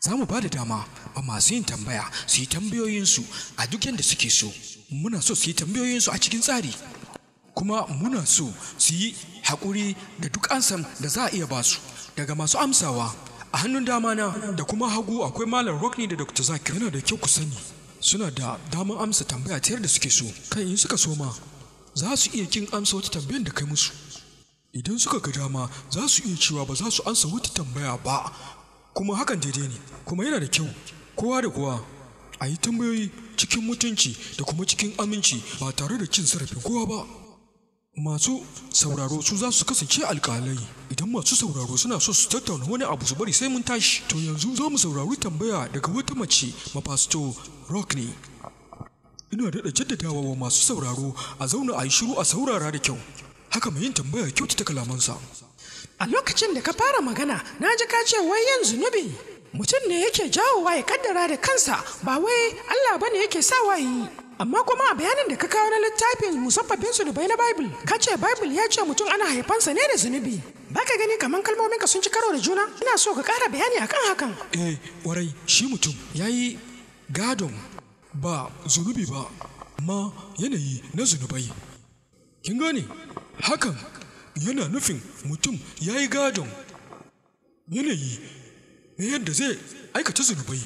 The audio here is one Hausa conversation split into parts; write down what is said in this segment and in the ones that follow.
za mu ba da dama ba masu yin tambaya su yi tambayoyinsu a duk yadda suke so muna so su yi tambayoyinsu a cikin tsari kuma muna so su yi haƙuri da duk ansan da za a iya ba su daga masu amsawa a hannun dama na da kuma hagu akwai malam rockney da dr zakir yana da kyau ku sani suna da damar amsa tambaya ta yadda suke so kan in suka so ma za su iya kin amsa wata tambayar da kai musu idan suka ga dama za su iya cewa ba za su ansa wata tambaya ba kuma hakan daidai ne kuma yana da kyau kowa da kowa a yi tambayoyi cikin mutunci da kuma cikin aminci ba tare da cin zarafin kowa ba masu sauraro su za su kasance alƙalai idan masu sauraro suna so su tattauna wani abu su bari sai mun tashi to yanzu za mu saurari tambaya daga wata mace mafasto ne. ina daɗa jaddadawa wa masu sauraro a zauna a yi shiru a saurara da kyau haka mai yin tambaya kyautata kalamansa a lokacin da ka fara magana na ji ka ce wai yin zunubi mutum ne yake jawowa ya kaddara da kansa ba wai Allah ba ne yake sawa yi amma kuma a bayanin da ka kawo na littafin musaffafin su dubai na bible ka ce bible ya ce mutum ana haifansa ne da zunubi baka gani kamar kalmomin ka sun ci karo da juna ina so ka kara bayani akan hakan eh warai shi mutum Ya yi gadon ba zunubi ba ma yanayi na zunubai kin gani hakan yana nufin mutum ya yi gadon yanayi na yadda zai aikata zunubai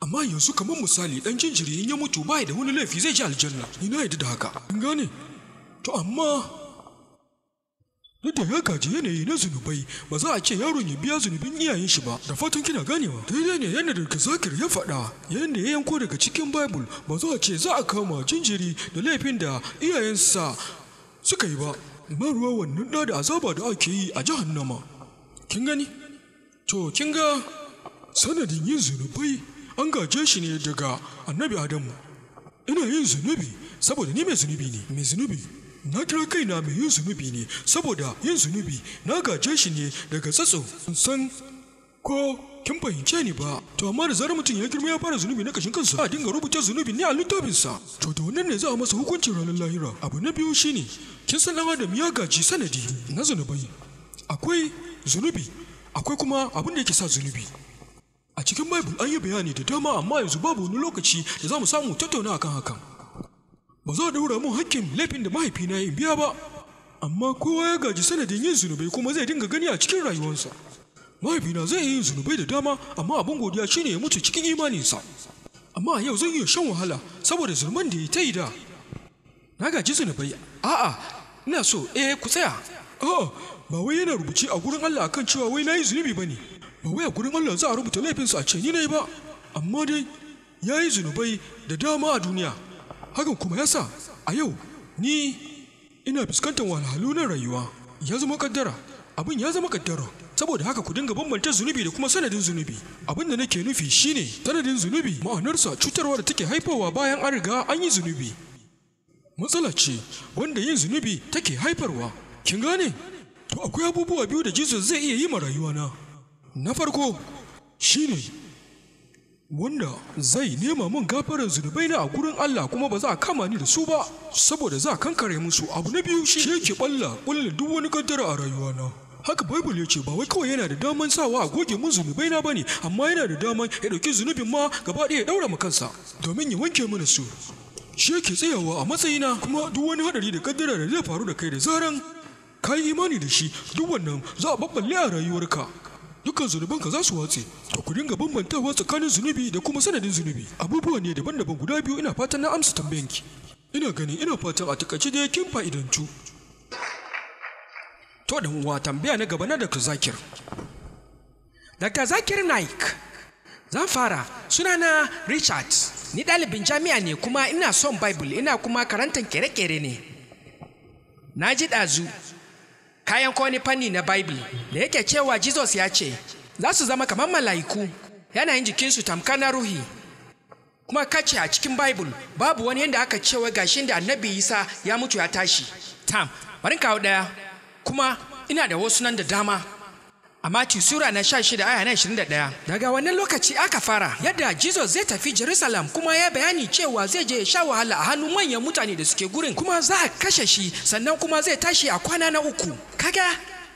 amma yanzu kamar misali dan jinjiri in ya mutu ba da wani laifi zai ji aljanna ni na yadda da haka in gane to amma da ya gaji yanayi na zunubai ba za a ce yaron ya biya zunubin iyayen shi ba da fatan kina ganewa daidai ne yadda daga zakir ya faɗa yadda ya yanko daga cikin bible ba za a ce za a kama jinjiri da laifin da iyayensa suka yi ba ba ruwa wannan da azaba da ake yi a jahannama kin gani to kin ga sanadin yin zunubai an gaje shi ne daga annabi adamu ina yin zunubi saboda ni mai zunubi ne mai zunubi na kira kaina mai yin zunubi ne saboda yin zunubi na gaje shi ne daga tsatsu san ko kin fahimce ni ba to amma da zarar mutum ya girma ya fara zunubi na kashin kansa a dinga rubuta zunubi ne a littafinsa to da wannan ne za a masa hukuncin ranar lahira abu na biyu shine kin san dan adam ya gaji sanadi na zunubai akwai zunubi akwai kuma abin da yake sa zunubi a cikin bible an yi bayani da dama amma yanzu babu wani lokaci da za mu samu tattauna akan hakan ba za a daura mun hakkin laifin da mahaifina ya biya ba amma kowa ya gaji sanadin yin zunubai kuma zai dinga gani a cikin rayuwarsa mahaifina zai yi zunubai da dama amma abin godiya shi ne ya mutu cikin imaninsa amma yau zai iya shan wahala saboda zulman da ya ta yi da na gaji zunubai a'a ina so eh ku tsaya oh ba wai yana rubuce a gurin Allah akan cewa wai nayi zunubi bane ba wai a gurin Allah za a rubuta laifinsa a ce ni nayi ba amma dai yayi zunubai da dama a duniya hakan kuma yasa a yau ni ina fuskantar wahalhalu na rayuwa ya zama kaddara abin ya zama kaddara saboda haka ku dinga bambanta zunubi da kuma sanadin zunubi abin da nake nufi shine sanadin zunubi ma'anarsa cutarwa da take haifarwa bayan an riga an yi zunubi matsala ce wanda yin zunubi take haifarwa kin gane to akwai abubuwa biyu da jesus zai iya yi ma rayuwana na farko shine wanda zai nema min gafarar zunubai na a gurin Allah kuma ba za a kama ni da su ba saboda za a kankare musu abu na biyu shi yake balla kullum duk wani kaddara a rayuwana haka bible ya ce ba wai kawai yana da daman sawa a goge mun zunubai na bane amma yana da daman ya dauki zunubin ma gaba ɗaya ya daura ma kansa domin ya wanke mana su shi yake tsayawa a matsayina kuma duk wani haɗari da kaddara da zai faru da kai da zaran ka yi imani da shi duk wannan za a babballe a rayuwarka dukkan ka za su watse to ku dinga bambantawa tsakanin zunubi da kuma sanadin zunubi abubuwa ne daban-daban guda biyu ina fatan na amsa tambayanki ina ganin ina fatan a takaice da kin fa'idantu to da uwa tambaya na gaba na Dr. Zakir Dr. Zakir Naik zan fara na Richard ni ɗalibin jami'a ne kuma ina son Bible ina kuma karantar kere-kere ne na ji ɗazu kayan kone fanni na Bible da yake cewa Jesus ya ce za su zama kamar mala'iku yin jikinsu tamka na ruhi kuma kace a cikin Bible babu wani yadda aka cewa gashin da annabi Isa ya mutu ya tashi tam bari kawo ɗaya kuma ina da wasu nan da dama a Mati Sura na sha shida aya na da ɗaya. Daga wannan lokaci aka fara yadda Jesus zai tafi Jerusalem kuma ya bayani cewa zai je ya sha wahala a hannun manyan mutane da suke gurin kuma za a kashe shi sannan kuma zai tashi a kwana na uku. Kaga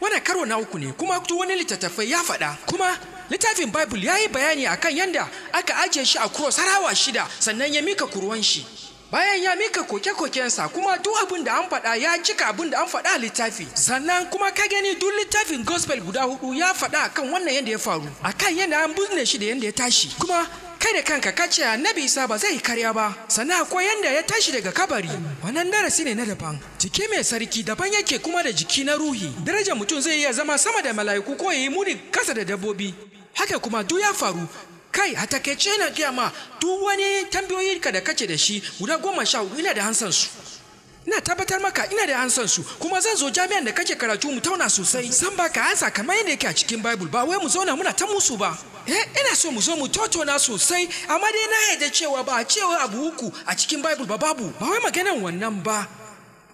wani karo na uku ne kuma duk wani littattafai ya faɗa kuma littafin Bible ya yi bayani akan yadda aka ajiye shi a cross har shida sannan ya mika kurwan shi. bayan ya mika koke koken sa, kuma duk abin da an faɗa ya cika abin da an fada a littafi sannan kuma ka gani duk littafin gospel guda hudu ya faɗa akan wannan yadda ya faru akan yadda an bunne shi da yadda ya tashi kuma kai da kanka ka ce annabi isa ba zai karya ba sannan akwai yadda ya tashi daga kabari wannan darasi ne na daban jiki mai sarki daban yake kuma da jiki na ruhi darajar mutum zai iya zama sama da mala'iku ko ya yi muni kasa da dabbobi haka kuma duk ya faru kai a takaice na gaya ma duk wani tambayoyi ka da kace da shi guda goma sha hudu ina da hansan su ina tabbatar maka ina da hansan su kuma zan zo jami'an da kake karatu mu tauna sosai san ka hansa kamar yadda yake a cikin bible ba wai mu zauna muna ta musu ba eh ina so mu zo mu tautauna sosai amma dai na yarda cewa ba a cewa abu uku a cikin bible ba babu ba wai maganan wannan ba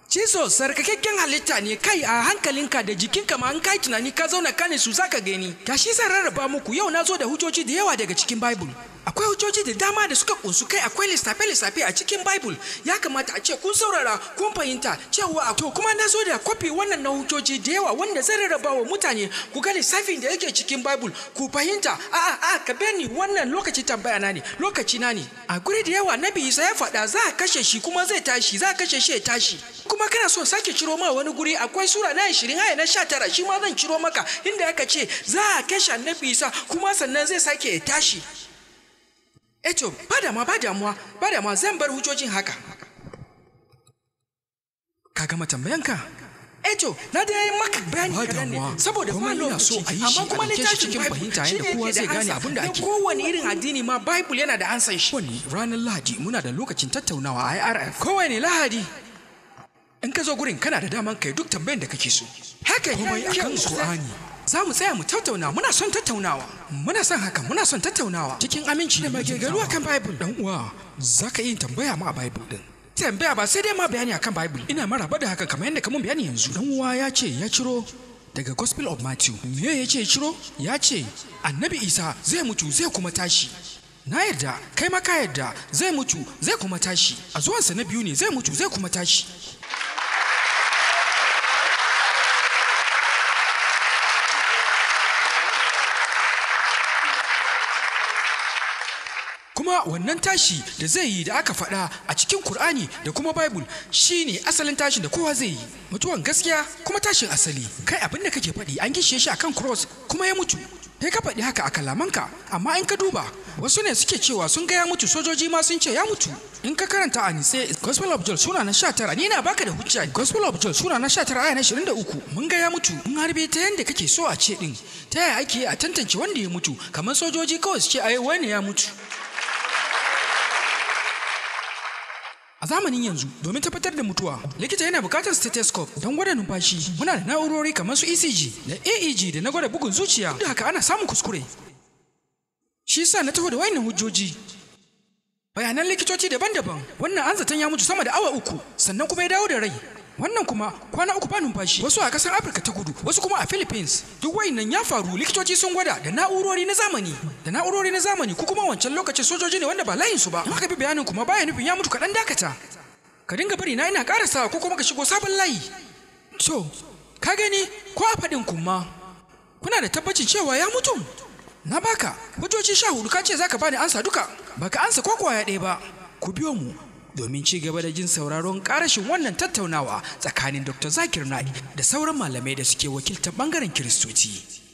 cizo sarkakakken halitta ne kai a hankalinka da jikinka ma an kai tunani ka zauna kane su zaka gani Tashi zan rarraba muku yau na zo da hujjoji da yawa daga cikin bible akwai hujjoji da dama da suka kunsu kai akwai lissafe-lissafe a cikin bible ya kamata a ce kun saurara kun fahimta cewa a to kuma na zo da kwafi wannan na hujjoji da yawa wanda zan rarraba wa mutane ku ga lissafin da yake cikin bible ku fahimta a a a ka bani wannan lokaci tambaya na ne lokaci na ne a guri da yawa nabi isa ya faɗa za a kashe shi kuma zai tashi za a kashe shi ya tashi kuma kana so sake ciro ma wani guri akwai sura na 20 aya na 19 shi ma zan ciro maka inda aka ce za a kashe annabi isa kuma sannan zai sake ya tashi Eto to ba damuwa ba damuwa ba damuwa zan bar hujojin haka ka gama tambayanka Eto na da yayin maka bayani kadan ne saboda ba lokaci amma kuma tashi cikin fahimta yanda kowa zai gane abin da ake kowane irin addini ma bible yana da ansan shi wani ranar lahadi muna da lokacin tattaunawa a IRF kowane lahadi in ka zo gurin kana da daman kai duk tambayan da kake so haka komai akan Qur'ani za mu tsaya mu tattauna muna son tattaunawa muna son haka muna son tattaunawa cikin aminci da magagaru kan bible dan uwa za ka iya tambaya ma a bible din tambaya ba sai dai ma bayani akan bible ina maraba da haka kamar yadda kamun bayani yanzu dan uwa ya ce ya ciro daga gospel of matthew me ya ce ciro ya ce annabi isa zai mutu zai kuma tashi na yarda kai ma ka yarda zai mutu zai kuma tashi a zuwansa na biyu ne zai mutu zai kuma tashi wannan tashi da zai yi da aka faɗa a cikin Kur'ani da kuma Bible shine asalin tashin da kowa zai yi mutuwan gaskiya kuma tashin asali kai abin da kake faɗi an gishe shi akan cross kuma ya mutu kai ka faɗi haka a kalamanka amma in ka duba wasu ne suke cewa sun ga ya mutu sojoji ma sun ce ya mutu in ka karanta a nitse gospel of John sura na 19 ni na baka da hujja gospel of John sura na 19 aya na 23 mun ga ya mutu mun harbe ta yanda kake so a ce din ta yaya ake a tantance wanda ya mutu kamar sojoji kawai suke ce ai wani ya mutu zamanin yanzu domin tabbatar da mutuwa likita yana buƙatar stethoscope don gwada numfashi muna da na'urori kamar su ECG da AEG da na gwada bugun zuciya duk haka ana samun kuskure shi yasa na taho da wayannan hujjoji bayanan likitoci daban-daban wannan an zaton ya mutu sama da awa uku sannan kuma ya dawo da rai wannan kuma kwana uku ba numfashi wasu a kasar afirka ta kudu wasu kuma a philippines duk wayannan ya faru likitoci sun gwada da na'urori na zamani da na'urori na zamani ku kuma wancan lokacin sojoji ne wanda ba layin su ba aka bi bayanin kuma baya nufin ya mutu kaɗan dakata ka dinga bari na ina karasawa ko kuma ka shigo sabon layi to ka gani ko a faɗin kuma kuna da tabbacin cewa ya mutu na baka hujjoji sha hudu ka ce zaka bani ansa duka baka ansa ko kwaya ɗaya ba ku biyo mu domin ci gaba da jin sauraron karashin wannan tattaunawa tsakanin Dr. Zakir Naik da sauran malamai da suke wakiltar bangaren Kiristoci.